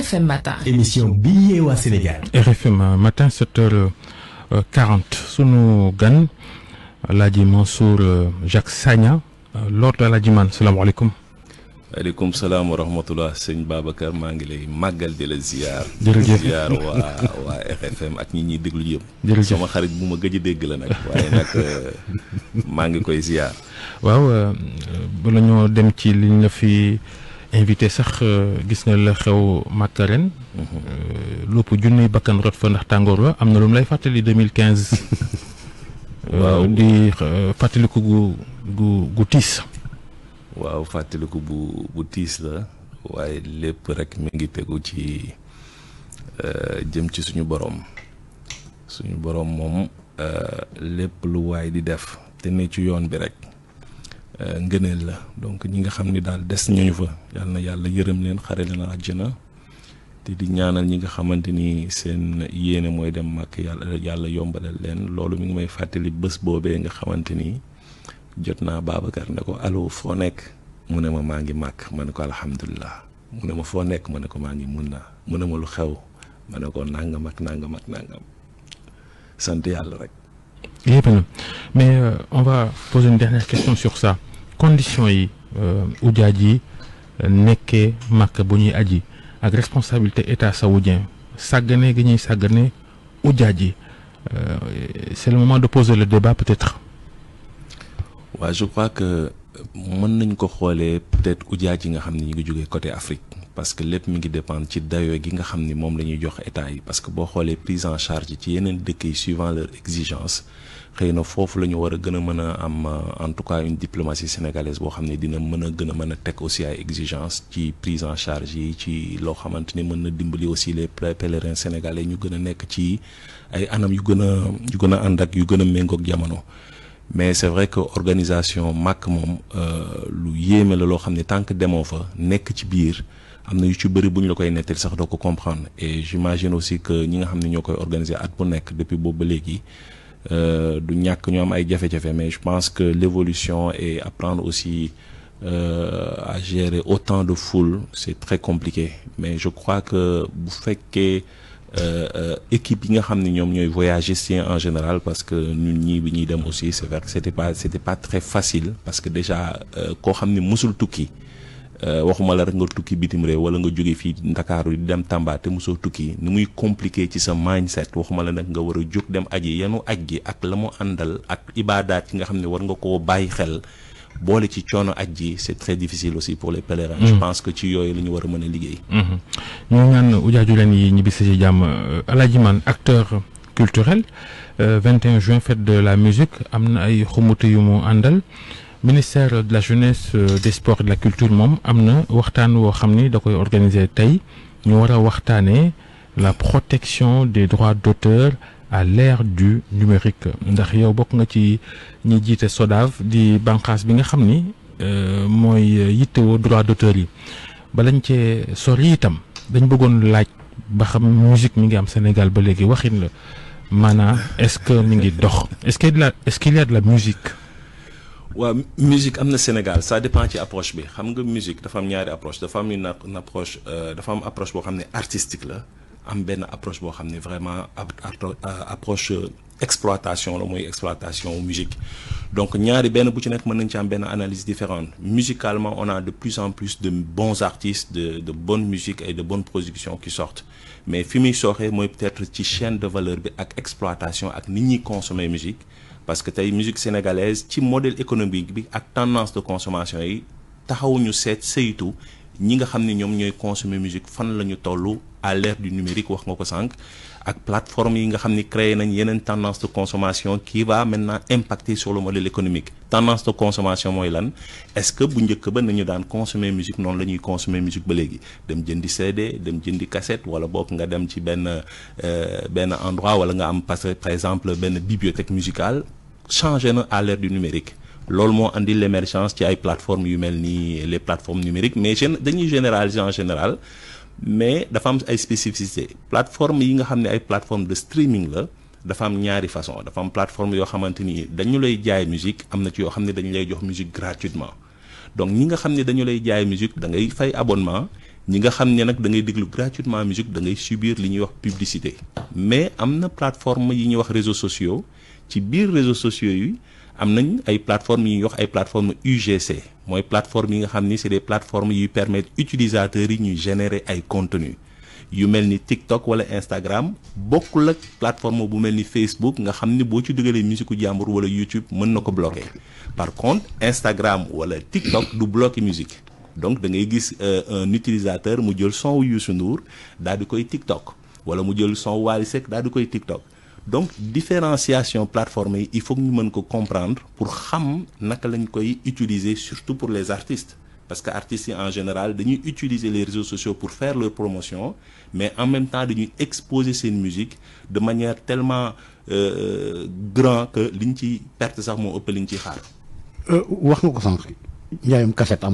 RFM Matin. émission Billet yee Sénégal. RFM Matin 7h40 euh, sunu gan Alaaji Mansour euh, Jacques Sagna euh, lord Alaaji man salaamaaleykum. Alaykoum salam wa rahmatullah sëñ Babacar maa ngi lay màggal di la ziar. ziar wa wa RFM ak nit ñi ñuy déglu yëpp. sama xarit buma ma gëj a dégg la nak waaye nak maa ngi koy ziar. waaw bala ñoo dem ci liñ la fi. invité sax euh, gis nga la xew Màkka ren. Mhm. Euh, lopp junniy bakkan rot fa ndax tàngoor la am na lu mu lay fàttali 2015. Euh, waaw di fàttaliku gu gu gu tiis. waaw fàttaliku bu bu tiis la waaye lépp rek mu ngi tegu ci jëm ci suñu boroom suñu boroom moom lépp lu waaye di def te ne ci yoon bi rek. Euh, ngëneel la donc ñi nga xamni dal dess des fa yalla yalla yeureum yërëm leen xare leen àjjana te di ñaanal ñi nga xamanteni ni seen yéene mooy dem màkk yalla yalla yombalal leen loolu mi ngi may fàttali bëss bobé nga xamanteni jotna babakar nako allo fo nek mu ne ma maa ngi màkk ma ne ko alhamdulilah mu ne ma foo nekk ne ko ngi mu ne ma lu xew ma ne ko nangam ak nangam ak nangam sant yàlla rek. Eh ben, mais euh, on va poser une dernière question sur ça condition euh, euh neke yi responsabilité état saoudien sagane euh, c'est le moment de poser le débat peut-être. je crois que peut-être côté Afrique parce que lépp mi ngi dépendre ci dayo gi nga xam ni moom la ñuy jox état yi parce que boo xoolee prise en charge ci yeneen dëkk yi suivant leur exigence xëy na foofu la ñu war a gën a mën a am euh, en tout cas une diplomatie sénégalaise boo xam ne dina mën a gën a mën a teg aussi ay exigence ci prise en charge yi ci loo xamante ni mën na dimbali aussi les pèlerins sénégalais ñu gën a nekk ci ay anam yu gën a yu gën a ànd ak yu gën a méngoog jamono. mais c'est vrai que organisation màkk moom euh, lu yéeme la loo xam ne tant que demoo fa nekk ci biir amna yu ci bëri buñ la koy nettali sax doo comprendre et j'imagine aussi que ñi nga xam ne organiser at bu nek depuis bobu ba euh du ñak ñu am ay jafé jafé mais je pense que l'évolution et apprendre aussi euh, à gérer autant de foule c'est très compliqué mais je crois que bu que euh, euh, équipe yi nga xamni ñom ñoy voyager c'est en général parce que ñun ñi bi dem aussi c'est vrai que c'était pas c'était pas très facile parce que déjà euh, koo xam ne mësul tukki Euh, waxuma la rek nga tukki bitim réew wala nga jóge fi ndakaaru di dem Tamba te mosoo tukki ni muy compliqué ci sa mindset waxuma la nag nga war a jóg dem aji yanu aj gi ak la mu àndal ak ibaadaat yi nga xam ne war nga koo bàyyi xel boole ci coono aj ji c'est très difficile aussi pour les pèlerins. je mhm. ci yooyu la ñu war a mën a liggéey. Mhm. ñu ñaan ujaaju leen yi ñibbisi ci jàmm euh, Alaaji Man acteur culturel euh, juin fête de la musique am na ay xumutu yu mu ministère de la jeunesse euh, des sports et de la culture mom am na waxtaan woo xam da koy organiser tay ñu la protection des droits d'auteur à l'ère du numérique ndax beaucoup de gens qui ñi jiite SODAV di bankas bi nga euh ni mooy yittewoo droit d'auteur yi sorry, tam. ben, sori itam dañ laaj ba musique mi ngi am Sénégal ba léegi mana, la est-ce que mi ngi est-ce est-ce qu'il y a de la musique la musique au Sénégal ça dépend de l'approche. bi xam nga musique dafa am ñaari approche dafa am une approche euh, dafa am approche bo xamné artistique la am approche d'exploitation xamné vraiment euh, approche exploitation la moy exploitation musique donc ñaari benn bu ci analyse différente musicalement on a de plus en plus de bons artistes de de bonne musique et de bonnes productions qui sortent mais si muy sooxee peut-être ci chaîne de valeur bi ak exploitation ak nit ñi consommer musique parce que la musique sénégalaise le modèle économique bi ak tendance de consommation yi tout. Nous avons ñi nga xamni ñom ñoy consommer musique fan la tollu à l'ère du numérique wax nga ko plateforme yi nga créé nañ tendance de consommation qui va maintenant impacter sur le modèle économique tendance de consommation moy est-ce que bu njëkk ba nañu daan consommer musique non la consommer musique ba légui dem jëndi CD dem jëndi cassette wala bok nga dem ci euh, endroit wala nga am parce par exemple une bibliothèque musicale changer à l'ère du numérique l'olmo moo andi l'émergence ci ay plateformes yu ni les plateformes numériques mais gén généralisation généraliser en général mais dafa am ay spécificité plateforme yi nga xam ay plateforme de streaming la dafa am ñaari façon dafa am plateforme yoo xamante ni dañu musique amna na ci yoo xam ne lay jox musique gratuitement donc ñi nga xam ne dañu lay musique da ngay fay abonnement ñi nga xam nak nag da ngay gratuitement musique da ngay subir li wax publicité mais amna plateforme yi ñuy wax réseaux sociaux ci biir réseaux sociaux yi am ay plateformes yu ñuy wax ay plateformes UGC mooy plateformes yi nga c'est des plateformes yuy permettre utilisateurs yi générer ay contenus yu mel TikTok wala Instagram beaucoup de plateforme bu mel Facebook nga xam ni boo ci dugalee musique jàmbur wala YouTube mën na bloquer par contre Instagram wala TikTok du bloquer musique donc da ngay gis euh, un utilisateur mu jël son ou Youssou Ndour daal di koy TikTok wala mu jël son Wally Seck daal di TikTok donc différenciation plateforme il faut que nous comprenions comprendre pour xam nous utiliser surtout pour les artistes parce que artistes en général utilisent utiliser les réseaux sociaux pour faire leur promotion mais en même temps dañuy exposer ses musique de manière tellement grande euh, grand que liñ ci perte sax moo ëpp liñ xaar. Euh, cassette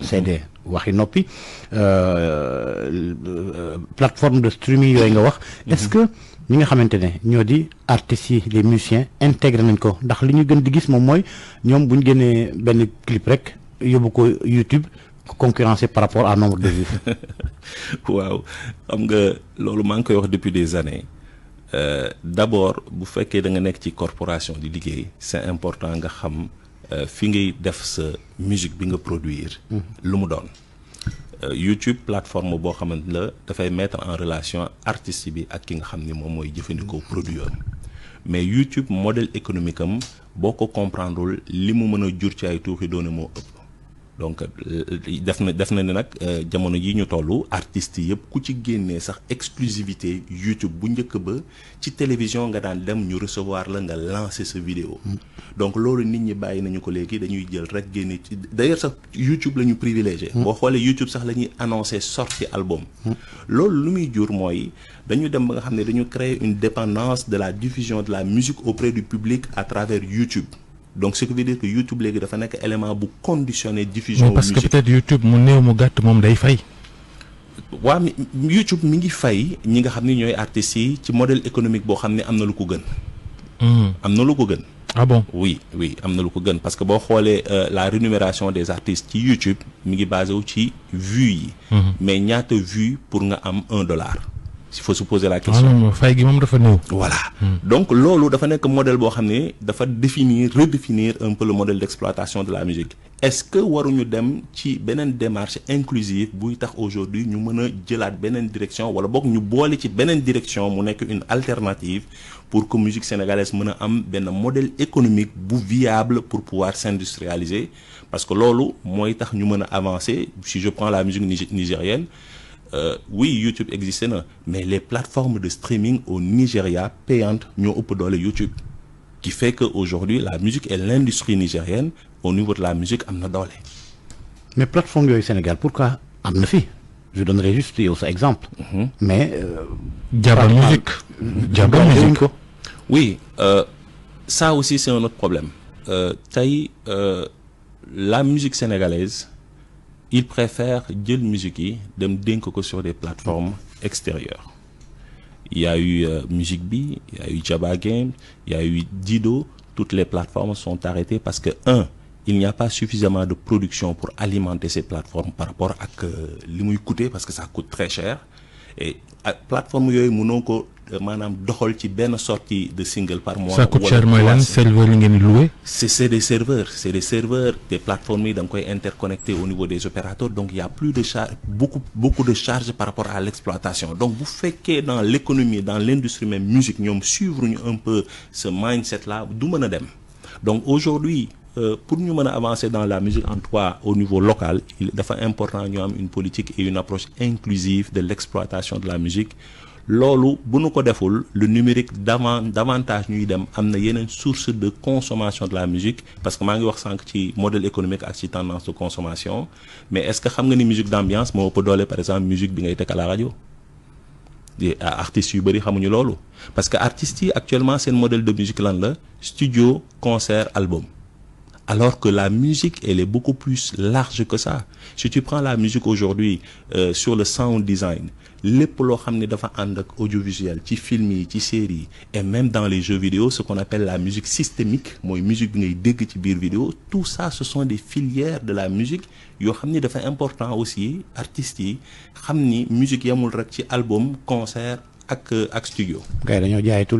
CD waxi noppi euh, euh, plateforme de streaming yooyu nga wax. est-ce que ñi nga xamantene ne ñoo di artistes yi les musiciens intègrent nañ ko ndax li ñu gën di gis mom moy ñom buñu ñu génnee clip rek yóbbu ko YouTube concurrencer par rapport à nombre de vues. waaw xam nga lolu maa koy wax depuis des années euh, d'abord bu féké da nga nek ci corporation di liggéey c'est important nga xam. Euh, fi ngay def sa musique bi nga produire. Mm-hmm. lu mu doon. Euh, YouTube plateforme boo xamante la dafay mettre en relation artiste bi ak ki nga xam ni moom mooy jëfandikoo produit mais YouTube modèle économique am boo ko comprendrewul li mu mën a jur ci ay tuuxi doone moo donc euh, def na def na ne nag euh, jamono yi ñu toll artistes yëpp ku ci génnee sax exclusivité YouTube bu njëkk ba ci télévision nga daan dem ñu recevoir la nga lancer ce vidéo mm. donc loolu nit ñi bàyyi nañu ko léegi dañuy jël rek génne d'ailleurs sax YouTube la ñu privilégié mm. boo xoolee YouTube sax la ñuy annoncer sortie album mm. loolu lu muy jur mooy dañu dem ba nga xam dañu créer une dépendance de la diffusion de la musique auprès du public à travers YouTube donc ce que veut dire que YouTube est dafa un élément pour conditionner diffusion parce que peut-être YouTube mu néew mon gars moom day fay YouTube mingi fay ñi nga xamni ni ñooy artistes ci modèle économique bo xamni amna lu ko gën hmm amna lu ko gën ah bon oui oui amna lu ko gën parce que bo xolé euh, la rémunération des artistes ci YouTube mingi basé wu ci vues hmm. mais ñaata vue pour nga am un dollar il faut se poser la question. voilà hmm. donc lolo dafa un modèle boo définir redéfinir un peu le modèle d'exploitation de la musique. est-ce que nous dem une démarche inclusive pour tax aujourd'hui ñu mën a une direction wala boog ñu dans une bonne direction mu nekk une alternative pour que la musique sénégalaise ait un modèle économique viable pour pouvoir s'industrialiser parce que lolo mooy tax ñu avancer si je prends la musique nigérienne. Euh, oui YouTube existe mais les plateformes de streaming au Nigeria payantes ñoo ëpp de YouTube qui fait que aujourd'hui la musique et l'industrie nigérienne au niveau de la musique am na mais plateforme du Sénégal pourquoi je donnerai juste un exemple. Mhm. mais. Jaba euh, musique musique oui euh, ça aussi c'est un autre problème euh, la musique sénégalaise ils préfèrent jël musique de dem sur des plateformes extérieures il y a eu euh, il y a eu Jabba Game, il y a eu Dido. Toutes les plateformes sont arrêtées parce que, un, il n'y a pas suffisamment de production pour alimenter ces plateformes par rapport à que euh, parce que ça coûte très cher. Et euh, plateforme yoy euh, manam doxal ci ben de single par mois. ça coûte cher des serveurs c'est des serveurs des plateformes yi sont au niveau des opérateurs donc il y' a plus de charge beaucoup beaucoup de charges par rapport à l'exploitation donc vous faites que dans l'économie dans l'industrie même musique ñom suivre un peu ce mindset là du mon donc aujourd'hui euh, pour nous avancer dans la musique en trois au niveau local, il est important nous une politique et une approche inclusive de l'exploitation de la musique loolu bu nu ko deful le numérique davantage ñuy dem am na yeneen source de consommation de la musique parce que maa ngi wax sànq ci modèle économique ak ci tendance de consommation mais est-ce que xam nga ni musique d'ambiance moo ëpp doole par exemple musique bi ngay teg à la radio. di artistes yu bëri xamuñu loolu parce que artistes yi actuellement seen modèle de musique lan la studio concert album alors que la musique, elle est beaucoup plus large que ça. Si tu prends la musique aujourd'hui euh, sur le sound design, les polos d'avant audiovisuel ci film série et même dans les jeux vidéo ce qu'on appelle la musique systémique la musique bi ngay vidéo tout ça ce sont des filières de la musique Il y a important aussi artistique, yi musique yamul rek ci album concert ak euh, studio. gars il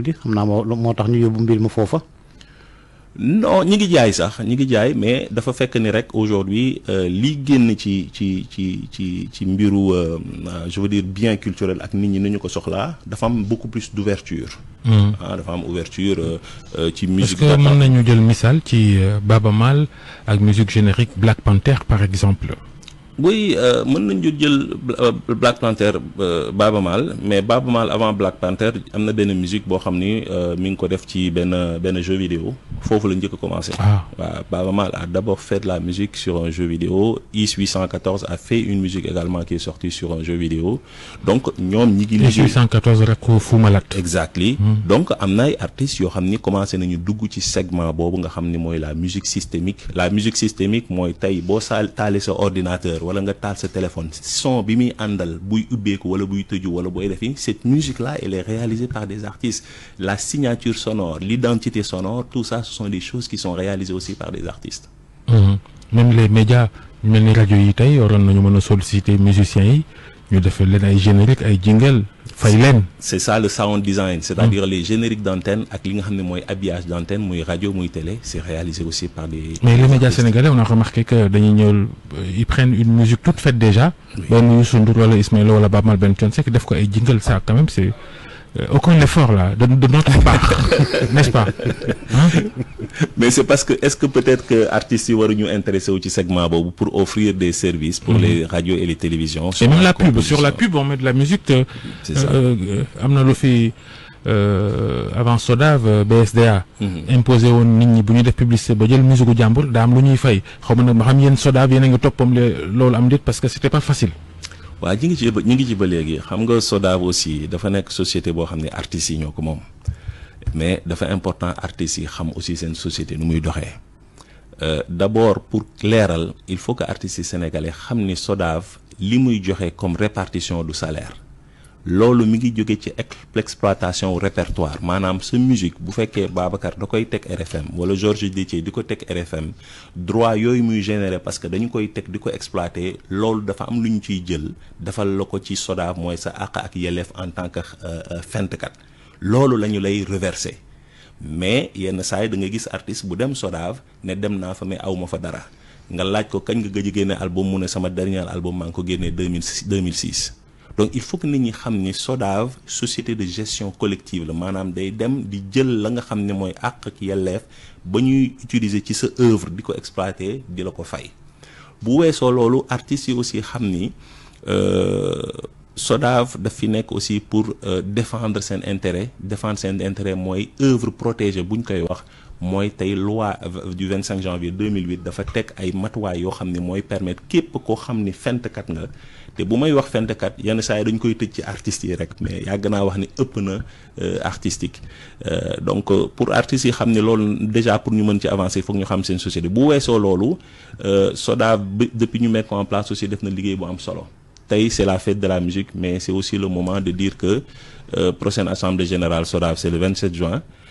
y non ñi ngi jaay sax ñi ngi jaay mais dafa fekk ni rek aujourd'hui euh, li génn ci ci ci ci ci mbiru euh, euh, je veux dire bien culturel ak nit ñi ñu ko soxlaa dafa am beaucoup plus d'ouverture hmm. ah dafa am ouverture ci musique est-ce que mën nañu jël misaal ci Baba Mal ak musique générique Black Panther par exemple oui, euh, nous euh, Black Panther euh, Baba Mal, mais Baba Mal avant Black Panther, il y a une musique qui a été dans un jeu vidéo. Il faut que nous commencer. Ah. Bah, Baba Mal a d'abord fait de la musique sur un jeu vidéo. IS-814 a fait une musique également qui est sortie sur un jeu vidéo. Donc, nous avons... IS-814 a fait jeu Exactly. Mm. Donc, il y a des artistes qui ont commencé à faire un segment de la musique systémique. La musique systémique, c'est un ordinateur wala nga téléphone cette musique là elle est réalisée par des artistes la signature sonore l'identité sonore tout ça ce sont des choses qui sont réalisées aussi par des artistes mhm. même les médias même les rajo yi tey waroon musiciens de defal les génériques et ay jingle fay c'est ça le sound design. c'est-à-dire mm. les génériques d'antenne ak li nga xam habillage d'antenne muy radio muy télé c'est réalisé aussi par des. mais les médias sénégalais on a remarqué que dañuy ñëw euh, ils prennent une musique toute faite déjà. nous ben, Youssou Ndour wala Ismaël wala Baaba Ben ben Thione c'est def ko ay jingle ça quand même c'est euh, aucun effort là, de, notre part, n'est-ce pas hein? Mais c'est parce que, est-ce que peut-être que artistes nous intéressés au segment pour offrir des services pour mhm. les radios et les télévisions Et même la, pub, sur la pub on met de la musique, euh, c'est ça euh, euh avant Sodave, BSDA, mhm. imposé au Nini, Bouni de publicité, la Musique au Djambour, Dame Louni Fay, Khomana Maham Yen Sodave, Yen Top, Pomme, parce que c'était pas facile waaw ñi ngi ci ñu ngi ci ba léegi xam nga SODAV aussi dafa nekk société boo xam ne artistes yi ñoo ko moom mais dafa important artistes yi xam aussi seen société nu muy doxee euh, d'abord pour leeral il faut que artistes yi sénégalais xam ni SODAV li muy joxe comme répartition du salaire loolu mi ngi jóge ci exploitation répertoire maanaam sa musique bu fekkee Babacar da koy teg RFM wala Georges Détier di ko teg RFM droit yooyu muy généré parce que dañu koy teg di ko exploité loolu dafa am lu ñu ciy jël defal la ko ci soda mooy sa àq ak yelef en tant que euh, euh, fentkat loolu la ñu lay reversé mais yenn saay da nga gis artiste bu dem Sodav ne dem naa fa mais aw ma fa dara nga laaj ko kañ nga gëj a génne album mu ne sama dernier album maa ngi ko génnee 2006 donc il faut que nit ñi xam SODAV société de gestion collective la maanaam day dem di jël la nga xam moy ak ak yelleef ba ñuy utiliser ci sa œuvre diko exploiter di la ko fay bu weesoo loolu artistes yi aussi xamni euh SODAV da fi nek aussi pour euh, défendre sen intérêt défendre sen intérêt moy œuvre protégée buñ koy wax moy tay loi du 25 janvier 2008 dafa tek ay matuwaay yoo xam ne permettre képp ko xamni ni kat nga te bu may wax fentkat say dañ koy ci artistes rek mais yàgg naa wax ni ëpp na euh, artistique euh, donc pour artistes yi xam ne déjà pour ñu mën ci avancer foog ñu xam seen société bu weesoo loolu SODAV euh, Soda, depuis ñu mettre en place aussi def na liggéey bu am solo c'est la fête de la musique mais c'est aussi le moment de dire que prochaine assemblée générale SODAV c'est le 27 juin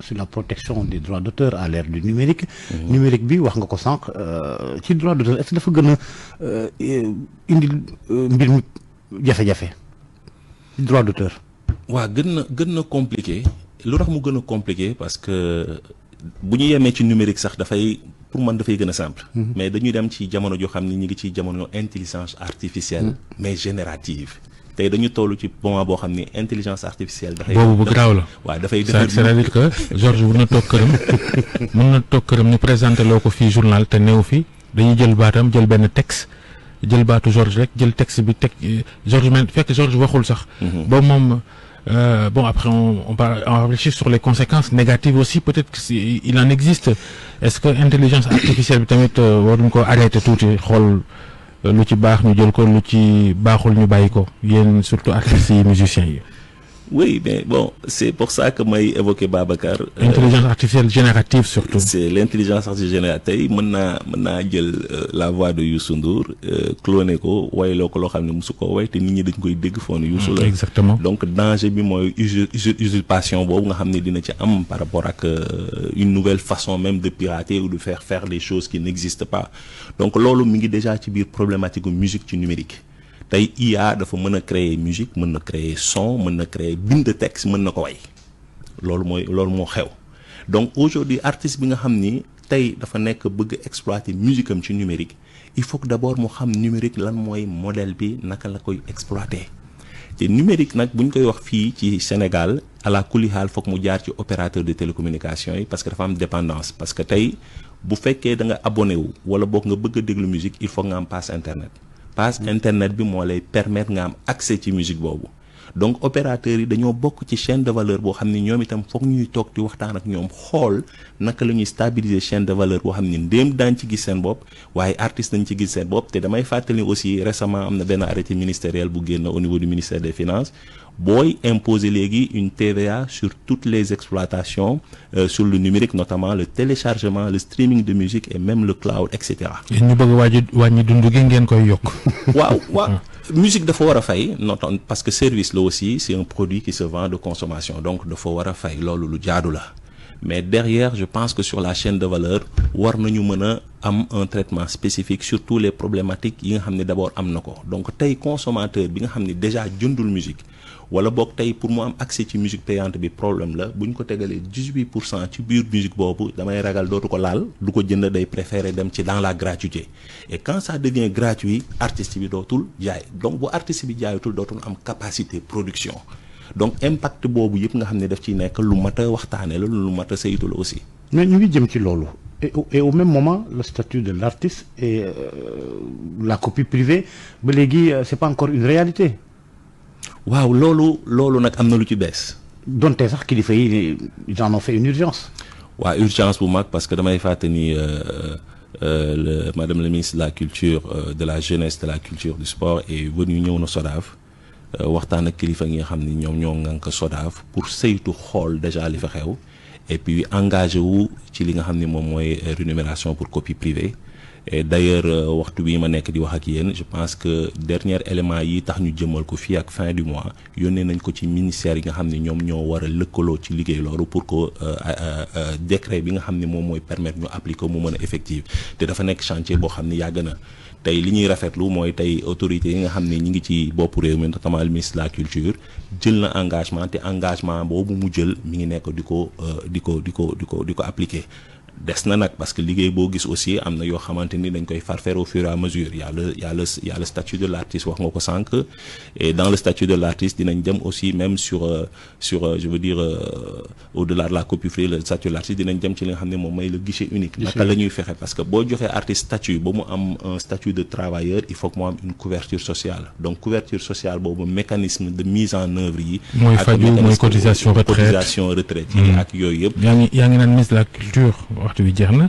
sur la protection des droits d'auteur à l'ère du numérique mhm. numérique bi wax nga ko sànq euh, ci droit d'auteur est-ce que dafa gëna euh indi euh, mbir droit d'auteur waaw gëna gëna compliqué lu tax mu compliqué parce que vous ñu aimez ci numérique sax fay pour man de fay gëna simple mhm. mais dañuy dem ci jamono jo xamni ñi ngi ci jamono intelligence artificielle mhm. mais générative tey dañu toll ci moment boo xam ni intelligence artificielle. dafay boobu bu garaaw la. waaw dafay defar c'est-à-dire que Georges mën na toog këram mën na toog këram ñu présenté loo ko fii journal te néew fi dañuy jël baatam jël benn texte. jël baatu Georges rek jël texte bi teg euh, Georges men fekk Georges waxul sax. Mhm. boobu moom euh, bon après on on va on réfléchir sur les conséquences négatives aussi peut-être que il en existe est-ce que intelligence artificielle bi tamit euh, waruñ ko arrêté tuuti xool. lu ci baax nu jël ko lu ci baaxul ñu bàyyi ko yéen surtout artistes yi musiciens yi. Oui, mais bon, c'est pour ça que j'ai évoqué Babacar. Euh, l'intelligence artificielle générative surtout. C'est l'intelligence artificielle générative. Maintenant, maintenant, euh, la voix de Youssou Ndour, euh, cloné ko, waye ko lo xamne musu ko nit ñi dañ koy Youssou mm, Exactement. Donc danger bi moy usurpation bobu nga xamne dina ci am par rapport euh, une nouvelle façon même de pirater ou de faire faire des choses qui n'existent pas. Donc lolu mi déjà ci biir problématique musique numérique. tey IA dafa mën a créer musique mën na créer son mën na créer bind texte mën na ko way loolu mooy loolu moo xew donc aujourd'hui artiste bi nga xam ni tey dafa nekk bëgg exploiter musique am ci numérique il faut que d'abord mu xam numérique lan mooy modèle bi naka la koy exploiter te numérique nag bu ñu koy wax fii ci Sénégal ala kulli xaal foog mu jaar ci opérateur de télécommunication yi parce que dafa am dépendance parce que tey bu fekkee da nga abonné wu wala boog nga bëgg déglu musique il faut nga am passe page internet bi moo lay permettre nga am accès ci musique boobu donc opérateurs yi dañoo bokk ci chaîne de valeur boo xam ni ñoom itam foog ñuy toog di waxtaan ak ñoom xool naka la stabiliser chaîne de valeur boo xam ni ndéem daañ ci gis seen bopp waaye artiste dañ ci gis seen bopp te damay fàttali aussi récemment am na benn arrêté ministériel bu génn au niveau du ministère des finances booy imposer léegi une TVA sur toutes les exploitations euh, sur le numérique notamment le téléchargement le streaming de musique et même le cloud et cetera. ñu bëgg a wàññi dund gi ngeen koy yokk. waaw waaw. Hum musique de Fawara Faye, parce que service là aussi c'est un produit qui se vend de consommation donc de Faye, fay mais derrière je pense que sur la chaîne de valeur war a un traitement spécifique sur toutes les problématiques qui nga d'abord à donc les consommateur bi nga déjà musique wala bok tay pour mu am accès ci musique payante bi problème la buñ ko tégalé 18 ci biir musique bobu damay ragal dootu ko laal du ko jënd day préférer dem ci dans la gratuité et quand ça devient gratuit artiste bi dootul jaay donc bu artiste bi jaayatul dootul am capacité production donc impact bobu yëpp nga xamné daf ci nekk lu mata waxtané la lu mata a aussi. mais ñu ngi jëm ci loolu. Et au, même moment, le statut de l'artiste et euh, la copie privée, euh, ce n'est pas encore une réalité waaw loolu loolu nag am na lu ci bees. donte sax kilifa yi ils en ont fait une urgence. waaw urgence bu mag parce que damay fàtte ni euh, euh, madame la ministre de la culture euh, de la jeunesse de la culture du sport et venu ñëw na Sodaf waxtaan ak kilifa yi nga xam ni ñoom ñoo ngànk Sodaf pour saytu xool déjà li fa xew et puis engagé wu ci li nga xam ni moom mooy rémunération pour copie privée et d'ailleurs euh, waxtu bii ma nekk di wax ak yéen je pense que dernier élément yi tax ñu jëmal ko fi ak fin du mois yónnee nañ ko ci ministère yi nga xamni ñom ñoo wara lekkolo ci liggéey loolu pour que euh, décret bi nga xamni mom moy permettre ñu appliquer mu mën effective te dafa nek chantier bo xamni ya gëna tay tey li ñuy rafetlu mooy tey autorités yi nga xamni ñi ngi ci bopp réew mi notamment le ministre de la culture jël na engagement te engagement boobu mu jël mi ngi nek diko euh, diko diko diko diko appliquer des na parce que liguey bo gis aussi amna yo xamanteni dañ koy farfaire au fur et à mesure y a le y a le y a le statut de l'artiste wax nga ko et dans le statut de l'artiste dinañ dem aussi même sur euh, sur euh, je veux dire euh, au-delà de la copie free le statut de l'artiste dinañ dem ci li nga xamné mom may le guichet unique naka lañuy fexé parce que bo joxé artiste statut bo mu am un statut de travailleur il faut que mo am une couverture sociale donc couverture sociale boobu mécanisme de mise en œuvre yi moy faju cotisation retraite cotisation retraite hmm. ak yoy yëpp yaa ngi nan mise la culture waxtu wi jeex na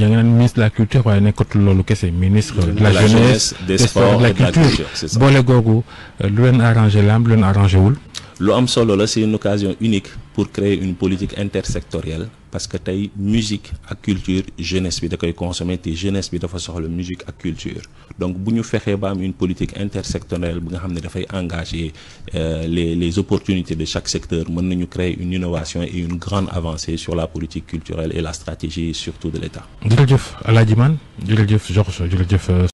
yaa ministre de la culture waaye nekkatul loolu kese ministre de la jeunesse des sports et de la culture boole googu lu leen arrangé la am lu leen arrangé wul. lu am solo la c'est une occasion unique pour créer une politique intersectorielle parce que eu musique à culture jeunesse bi da consommer tes jeunesse bi dafa soxla musique à culture donc buñu nous une politique intersectorielle bi nga engager euh, les les opportunités de chaque secteur nous nañu créer une innovation et une grande avancée sur la politique culturelle et la stratégie surtout de l'État.